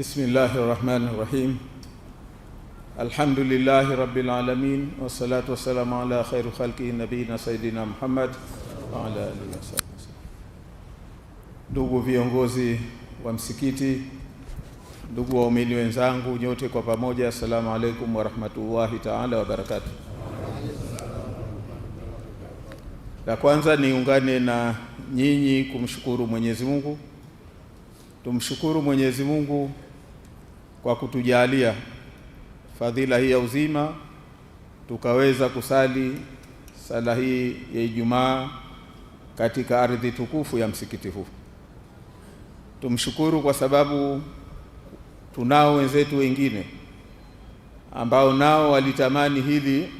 Bismillahi rahmani rahim. Alhamdulillahi rabbil alamin wassalatu wassalamu ala khairu khalqihi nabiina sayidina Muhammad wa ala alihi wasahbihi. Ndugu viongozi wa msikiti, ndugu waumini wenzangu, nyote kwa pamoja, assalamu alaikum warahmatullahi taala wabarakatuh. La kwanza niungane na nyinyi kumshukuru Mwenyezi Mungu, tumshukuru Mwenyezi Mungu kwa kutujalia fadhila hii ya uzima tukaweza kusali sala hii ya Ijumaa katika ardhi tukufu ya msikiti huu. Tumshukuru kwa sababu tunao wenzetu wengine ambao nao walitamani hili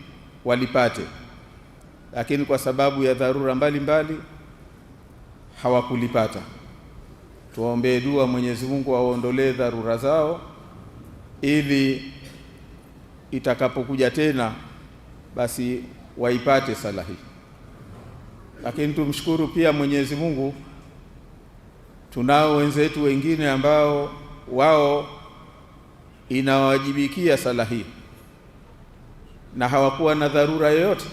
walipate, lakini kwa sababu ya dharura mbalimbali hawakulipata. Tuwaombee dua Mwenyezi Mungu awaondolee dharura zao ili itakapokuja tena basi waipate sala hii. Lakini tumshukuru pia Mwenyezi Mungu, tunao wenzetu wengine ambao wao inawajibikia sala hii na hawakuwa na dharura yoyote,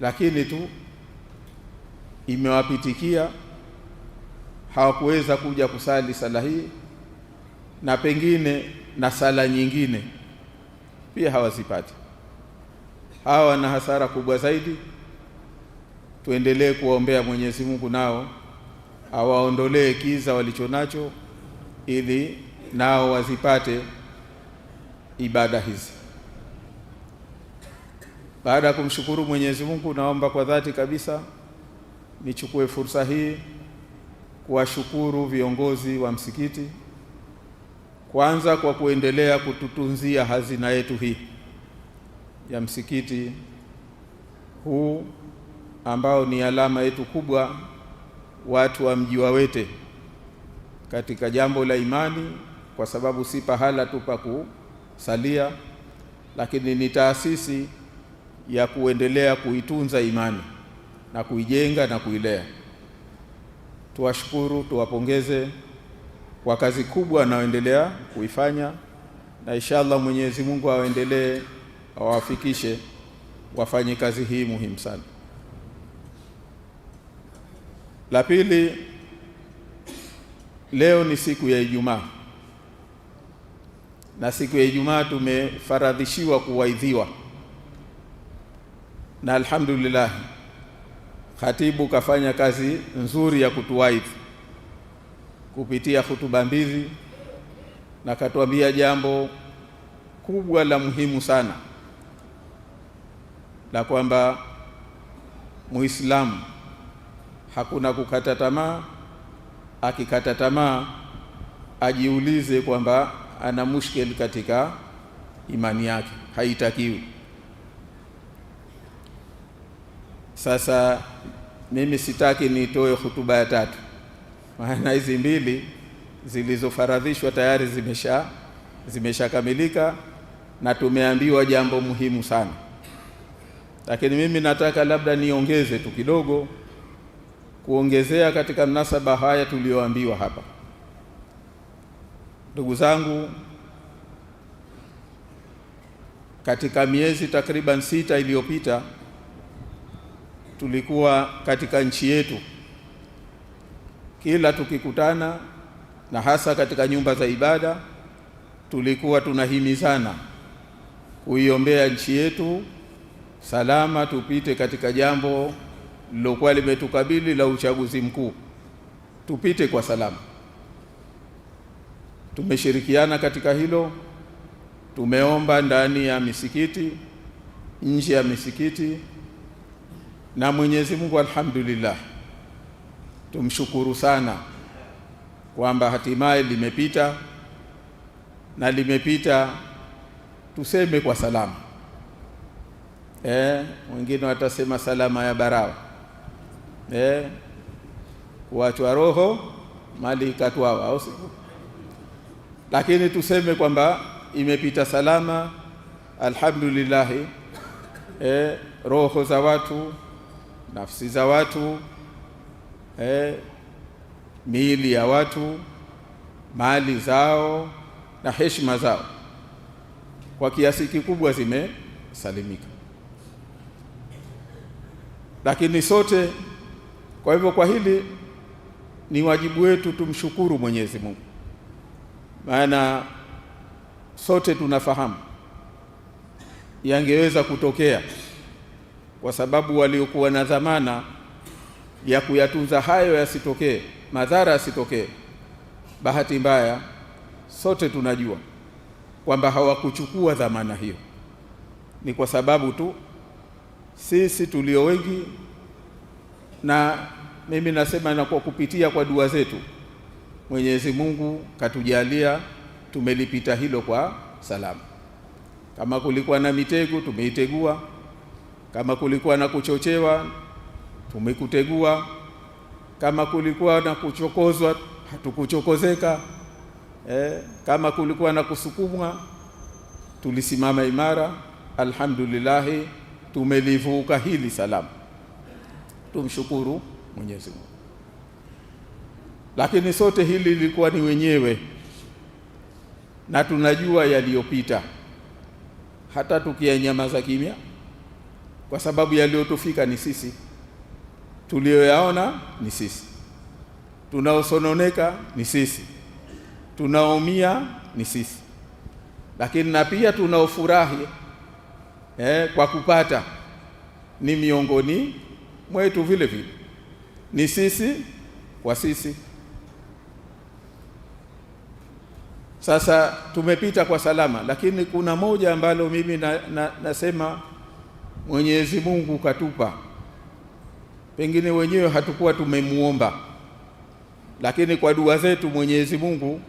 lakini tu imewapitikia, hawakuweza kuja kusali sala hii na pengine na sala nyingine pia hawazipati. Hawa wana hasara kubwa zaidi. Tuendelee kuwaombea Mwenyezi Mungu nao awaondolee kiza walichonacho, ili nao wazipate ibada hizi. Baada ya kumshukuru Mwenyezi Mungu, naomba kwa dhati kabisa nichukue fursa hii kuwashukuru viongozi wa msikiti kwanza kwa kuendelea kututunzia hazina yetu hii ya msikiti huu ambao ni alama yetu kubwa, watu wa mji wa Wete, katika jambo la imani, kwa sababu si pahala tu pa kusalia, lakini ni taasisi ya kuendelea kuitunza imani na kuijenga na kuilea. Tuwashukuru, tuwapongeze kwa kazi kubwa anayoendelea kuifanya, na inshallah Mwenyezi Mungu awaendelee awafikishe wafanye kazi hii muhimu sana. La pili, leo ni siku ya Ijumaa, na siku ya Ijumaa tumefaradhishiwa kuwaidhiwa, na alhamdulillah khatibu kafanya kazi nzuri ya kutuwaidhi kupitia hutuba mbili, na katuambia jambo kubwa la muhimu sana la kwamba Muislamu hakuna kukata tamaa. Akikata tamaa ajiulize kwamba ana mushkeli katika imani yake, haitakiwi. Sasa mimi sitaki nitoe hutuba ya tatu maana hizi mbili zilizofaradhishwa tayari zimesha zimeshakamilika na tumeambiwa jambo muhimu sana, lakini mimi nataka labda niongeze tu kidogo kuongezea katika mnasaba haya tuliyoambiwa hapa. Ndugu zangu, katika miezi takriban sita iliyopita tulikuwa katika nchi yetu kila tukikutana na hasa katika nyumba za ibada, tulikuwa tunahimizana kuiombea nchi yetu salama, tupite katika jambo lilokuwa limetukabili la uchaguzi mkuu, tupite kwa salama. Tumeshirikiana katika hilo, tumeomba ndani ya misikiti, nje ya misikiti, na Mwenyezi Mungu alhamdulillah Tumshukuru sana kwamba hatimaye limepita na limepita tuseme kwa salama. Eh, wengine watasema salama ya barawa eh, kuachwa roho mali ikatwawa, au si? Lakini tuseme kwamba imepita salama, alhamdulillah. Eh, roho za watu, nafsi za watu eh, miili ya watu, mali zao na heshima zao kwa kiasi kikubwa zimesalimika, lakini sote. Kwa hivyo, kwa hili ni wajibu wetu tumshukuru Mwenyezi Mungu, maana sote tunafahamu yangeweza kutokea, kwa sababu waliokuwa na dhamana ya kuyatunza hayo yasitokee, madhara yasitokee. Bahati mbaya, sote tunajua kwamba hawakuchukua dhamana hiyo, ni kwa sababu tu sisi tulio wengi, na mimi nasema na kwa kupitia kwa dua zetu Mwenyezi Mungu katujalia tumelipita hilo kwa salama. Kama kulikuwa na mitego tumeitegua, kama kulikuwa na kuchochewa tumekutegua. Kama kulikuwa na kuchokozwa, hatukuchokozeka. Eh, kama kulikuwa na kusukumwa, tulisimama imara. Alhamdulillahi, tumelivuka hili salama, tumshukuru Mwenyezi Mungu. Lakini sote hili lilikuwa ni wenyewe, na tunajua yaliyopita, hata tukiyanyamaza kimya, kwa sababu yaliyotufika ni sisi. Tuliyoyaona ni sisi, tunaosononeka ni sisi, tunaumia ni sisi, lakini na pia tunaofurahi eh, kwa kupata ni miongoni mwetu vile vile, ni sisi kwa sisi. Sasa tumepita kwa salama, lakini kuna moja ambalo mimi na, na, nasema Mwenyezi Mungu katupa pengine wenyewe hatukuwa tumemwomba, lakini kwa dua zetu Mwenyezi Mungu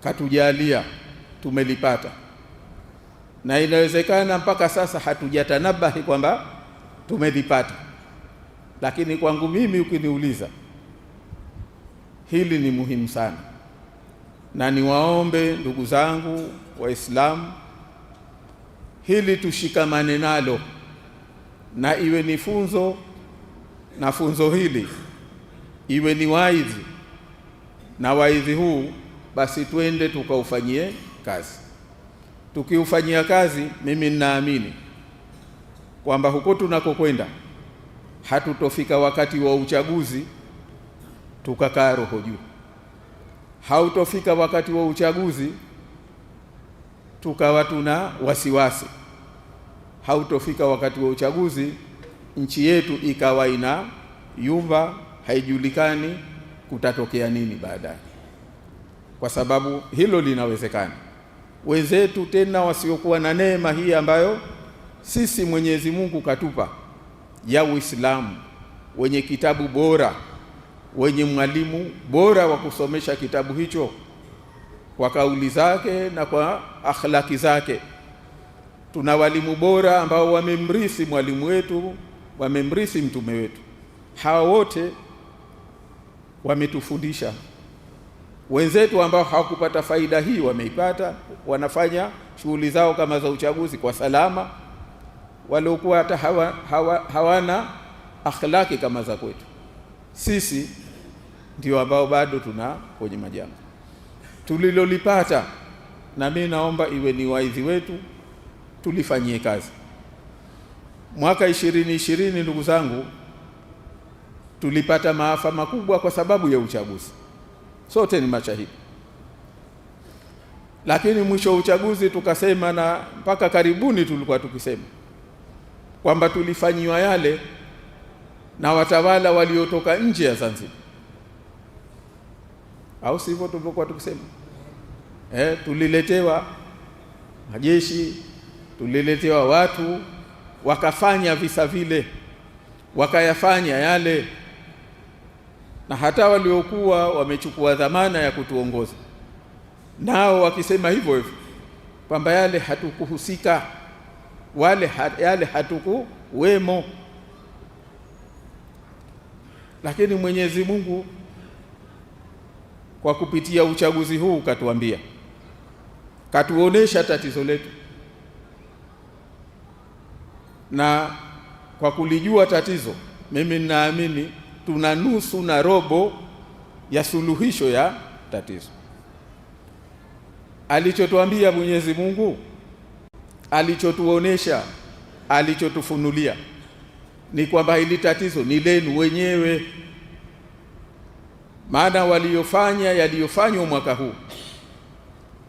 katujalia tumelipata, na inawezekana mpaka sasa hatujatanabahi kwamba tumelipata. Lakini kwangu mimi ukiniuliza, hili ni muhimu sana, na niwaombe ndugu zangu Waislamu, hili tushikamane nalo na iwe ni funzo na funzo hili iwe ni waidhi na waidhi huu basi twende tukaufanyie kazi. Tukiufanyia kazi, mimi ninaamini kwamba huko tunakokwenda hatutofika wakati wa uchaguzi tukakaa roho juu, hautofika wakati wa uchaguzi tukawa tuna wasiwasi, hautofika wakati wa uchaguzi nchi yetu ikawa ina yumba, haijulikani kutatokea nini baadaye, kwa sababu hilo linawezekana. Wenzetu tena wasiokuwa na neema hii ambayo sisi Mwenyezi Mungu katupa ya Uislamu, wenye kitabu bora, wenye mwalimu bora wa kusomesha kitabu hicho kwa kauli zake na kwa akhlaki zake. Tuna walimu bora ambao wamemrithi mwalimu wetu wamemrithi mtume wetu. Hawa wote wametufundisha. Wenzetu ambao hawakupata faida hii wameipata, wanafanya shughuli zao kama za uchaguzi kwa salama, waliokuwa hata hawa, hawa, hawana akhlaki kama za kwetu. Sisi ndio ambao bado tuna kwenye majanga tulilolipata, na mimi naomba iwe ni waidhi wetu tulifanyie kazi. Mwaka ishirini ishirini, ndugu zangu, tulipata maafa makubwa kwa sababu ya uchaguzi, sote ni mashahidi. Lakini mwisho wa uchaguzi tukasema, na mpaka karibuni tulikuwa tukisema kwamba tulifanyiwa yale na watawala waliotoka nje ya Zanzibar, au sivyo? Tulivyokuwa tukisema eh, tuliletewa majeshi, tuliletewa watu wakafanya visa vile, wakayafanya yale, na hata waliokuwa wamechukua dhamana ya kutuongoza nao wakisema hivyo hivyo kwamba yale hatukuhusika, wale yale hatukuwemo. Lakini Mwenyezi Mungu kwa kupitia uchaguzi huu katuambia, katuonesha tatizo letu na kwa kulijua tatizo, mimi ninaamini tuna nusu na robo ya suluhisho ya tatizo. Alichotuambia Mwenyezi Mungu, alichotuonesha, alichotufunulia ni kwamba hili tatizo ni lenu wenyewe, maana waliyofanya yaliyofanywa mwaka huu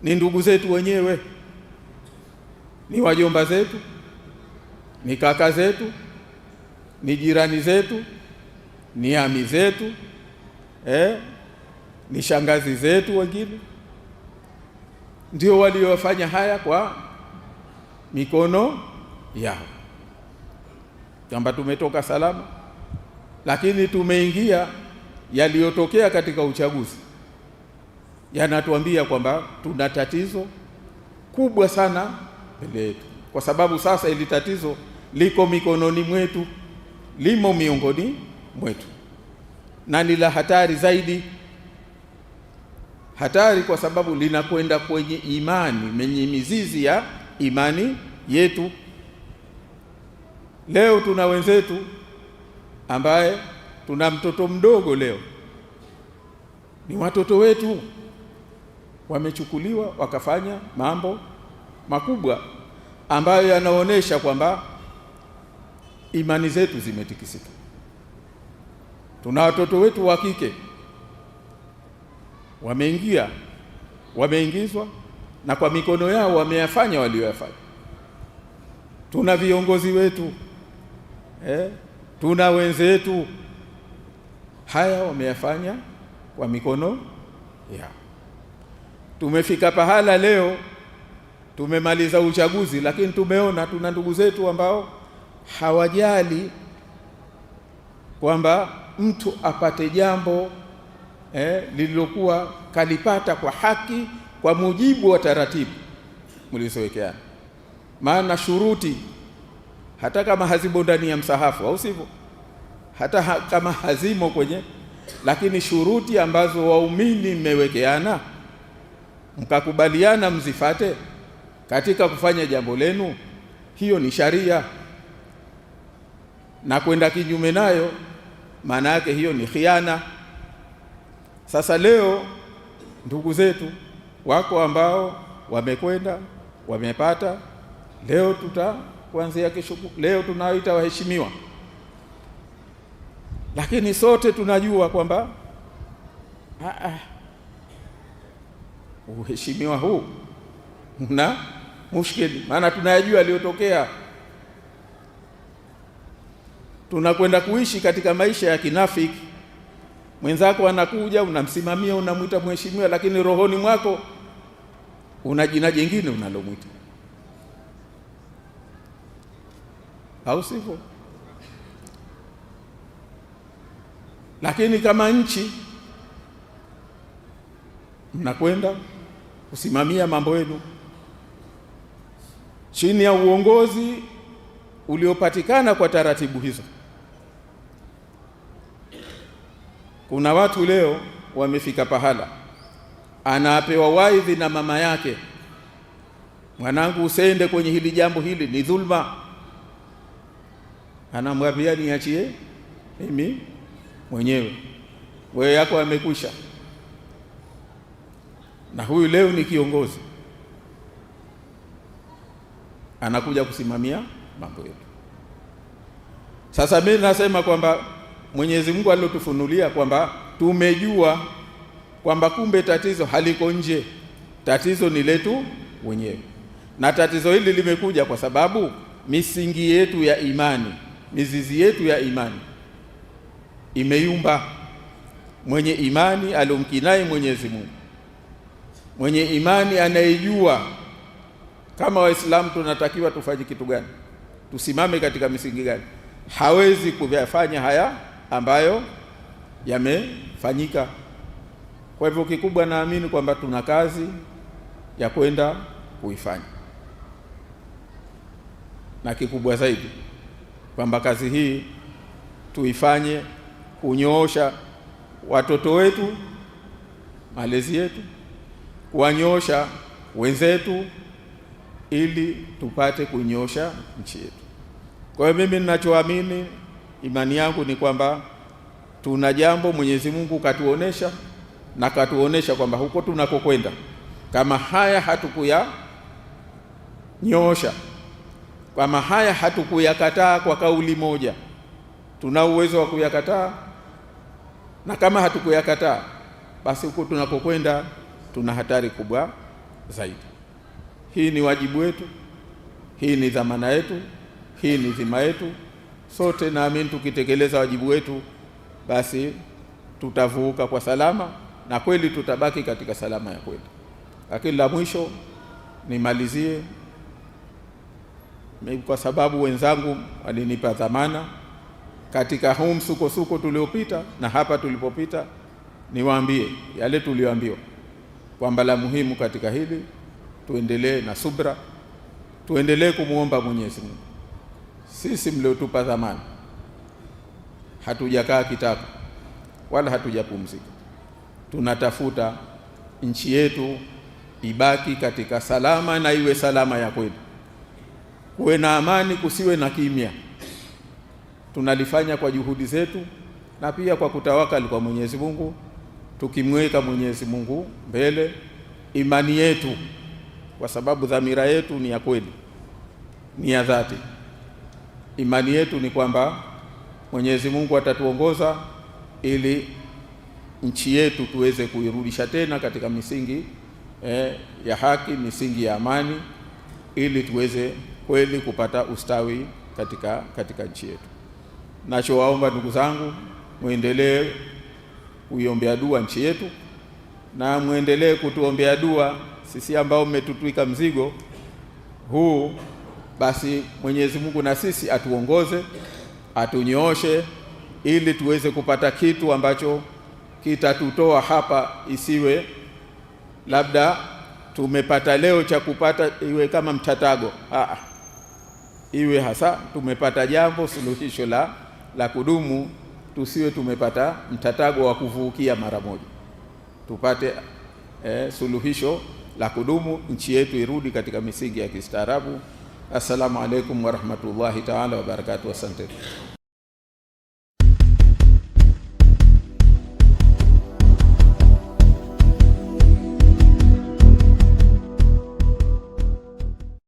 ni ndugu zetu wenyewe, ni wajomba zetu ni kaka zetu, ni jirani zetu, ni ami zetu eh, ni shangazi zetu. Wengine ndio waliofanya haya kwa mikono yao, kwamba tumetoka salama, lakini tumeingia. Yaliyotokea katika uchaguzi yanatuambia kwamba tuna tatizo kubwa sana mbele yetu, kwa sababu sasa ili tatizo liko mikononi mwetu, limo miongoni mwetu, na ni la hatari zaidi. Hatari kwa sababu linakwenda kwenye imani, menye mizizi ya imani yetu. Leo tuna wenzetu ambaye tuna mtoto mdogo leo, ni watoto wetu wamechukuliwa wakafanya mambo makubwa ambayo yanaonyesha kwamba imani zetu zimetikisika. Tuna watoto wetu wa kike wameingia, wameingizwa na kwa mikono yao wameyafanya walioyafanya. Tuna viongozi wetu eh, tuna wenzetu, haya wameyafanya kwa mikono yao. Tumefika pahala leo tumemaliza uchaguzi, lakini tumeona tuna ndugu zetu ambao hawajali kwamba mtu apate jambo eh, lililokuwa kalipata kwa haki kwa mujibu wa taratibu mlizowekeana. Maana shuruti hata kama hazimo ndani ya msahafu, au sivyo, hata ha kama hazimo kwenye, lakini shuruti ambazo waumini mmewekeana mkakubaliana mzifate katika kufanya jambo lenu, hiyo ni sharia na kwenda kinyume nayo, maana yake hiyo ni khiana. Sasa leo ndugu zetu wako ambao wamekwenda wamepata, leo tuta kuanzia kesho, leo tunaoita waheshimiwa, lakini sote tunajua kwamba ah, ah, uheshimiwa huu una mushkeli, maana tunayajua aliyotokea tunakwenda kuishi katika maisha ya kinafiki. Mwenzako anakuja, unamsimamia, unamwita mheshimiwa, lakini rohoni mwako una jina jingine unalomwita, au sivyo? Lakini kama nchi mnakwenda kusimamia mambo yenu chini ya uongozi uliopatikana kwa taratibu hizo. Kuna watu leo wamefika pahala anapewa waidhi na mama yake, mwanangu, usende kwenye hili jambo, hili ni dhulma. Anamwambia niachie mimi mwenyewe, wewe yako amekwisha. Na huyu leo ni kiongozi, anakuja kusimamia mambo yetu. Sasa mimi nasema kwamba Mwenyezi Mungu alilotufunulia kwamba tumejua kwamba kumbe tatizo haliko nje, tatizo ni letu wenyewe, na tatizo hili limekuja kwa sababu misingi yetu ya imani, mizizi yetu ya imani imeyumba. Mwenye imani alomkinai Mwenyezi Mungu, mwenye imani anayejua kama Waislamu tunatakiwa tufanye kitu gani, tusimame katika misingi gani, hawezi kuyafanya haya ambayo yamefanyika. Kwa hivyo kikubwa, naamini kwamba tuna kazi ya kwenda kuifanya, na kikubwa zaidi kwamba kazi hii tuifanye kunyoosha watoto wetu, malezi yetu, kuwanyoosha wenzetu, ili tupate kunyoosha nchi yetu. Kwa hiyo mimi ninachoamini imani yangu ni kwamba tuna jambo Mwenyezi Mungu katuonesha na katuonesha kwamba huko tunakokwenda kama haya hatukuyanyoosha, kama haya hatukuyakataa kwa kauli moja, tuna uwezo wa kuyakataa, na kama hatukuyakataa, basi huko tunakokwenda tuna hatari kubwa zaidi. Hii ni wajibu wetu, hii ni dhamana yetu, hii ni dhima yetu sote naamini tukitekeleza wajibu wetu, basi tutavuka kwa salama na kweli tutabaki katika salama ya kweli. Lakini la mwisho nimalizie, kwa sababu wenzangu walinipa dhamana katika huu msukosuko tuliopita na hapa tulipopita, niwaambie yale tuliyoambiwa kwamba la muhimu katika hili tuendelee na subra, tuendelee kumwomba Mwenyezi Mungu sisi mliotupa dhamana hatujakaa kitako wala hatujapumzika, tunatafuta nchi yetu ibaki katika salama na iwe salama ya kweli, kuwe na amani, kusiwe na kimya. Tunalifanya kwa juhudi zetu na pia kwa kutawakali kwa Mwenyezi Mungu, tukimweka Mwenyezi Mungu mbele, imani yetu, kwa sababu dhamira yetu ni ya kweli, ni ya dhati. Imani yetu ni kwamba Mwenyezi Mungu atatuongoza ili nchi yetu tuweze kuirudisha tena katika misingi eh, ya haki, misingi ya amani, ili tuweze kweli kupata ustawi katika, katika nchi yetu. Nachowaomba ndugu zangu, mwendelee kuiombea dua nchi yetu na mwendelee kutuombea dua sisi ambao mmetutwika mzigo huu basi Mwenyezi Mungu na sisi atuongoze, atunyooshe ili tuweze kupata kitu ambacho kitatutoa hapa, isiwe labda tumepata leo cha kupata iwe kama mtatago. ah, iwe hasa tumepata jambo suluhisho la, la kudumu. Tusiwe tumepata mtatago wa kuvuukia mara moja, tupate eh, suluhisho la kudumu, nchi yetu irudi katika misingi ya kistaarabu. السلام عليكم ورحمه الله تعالى وبركاته وسلم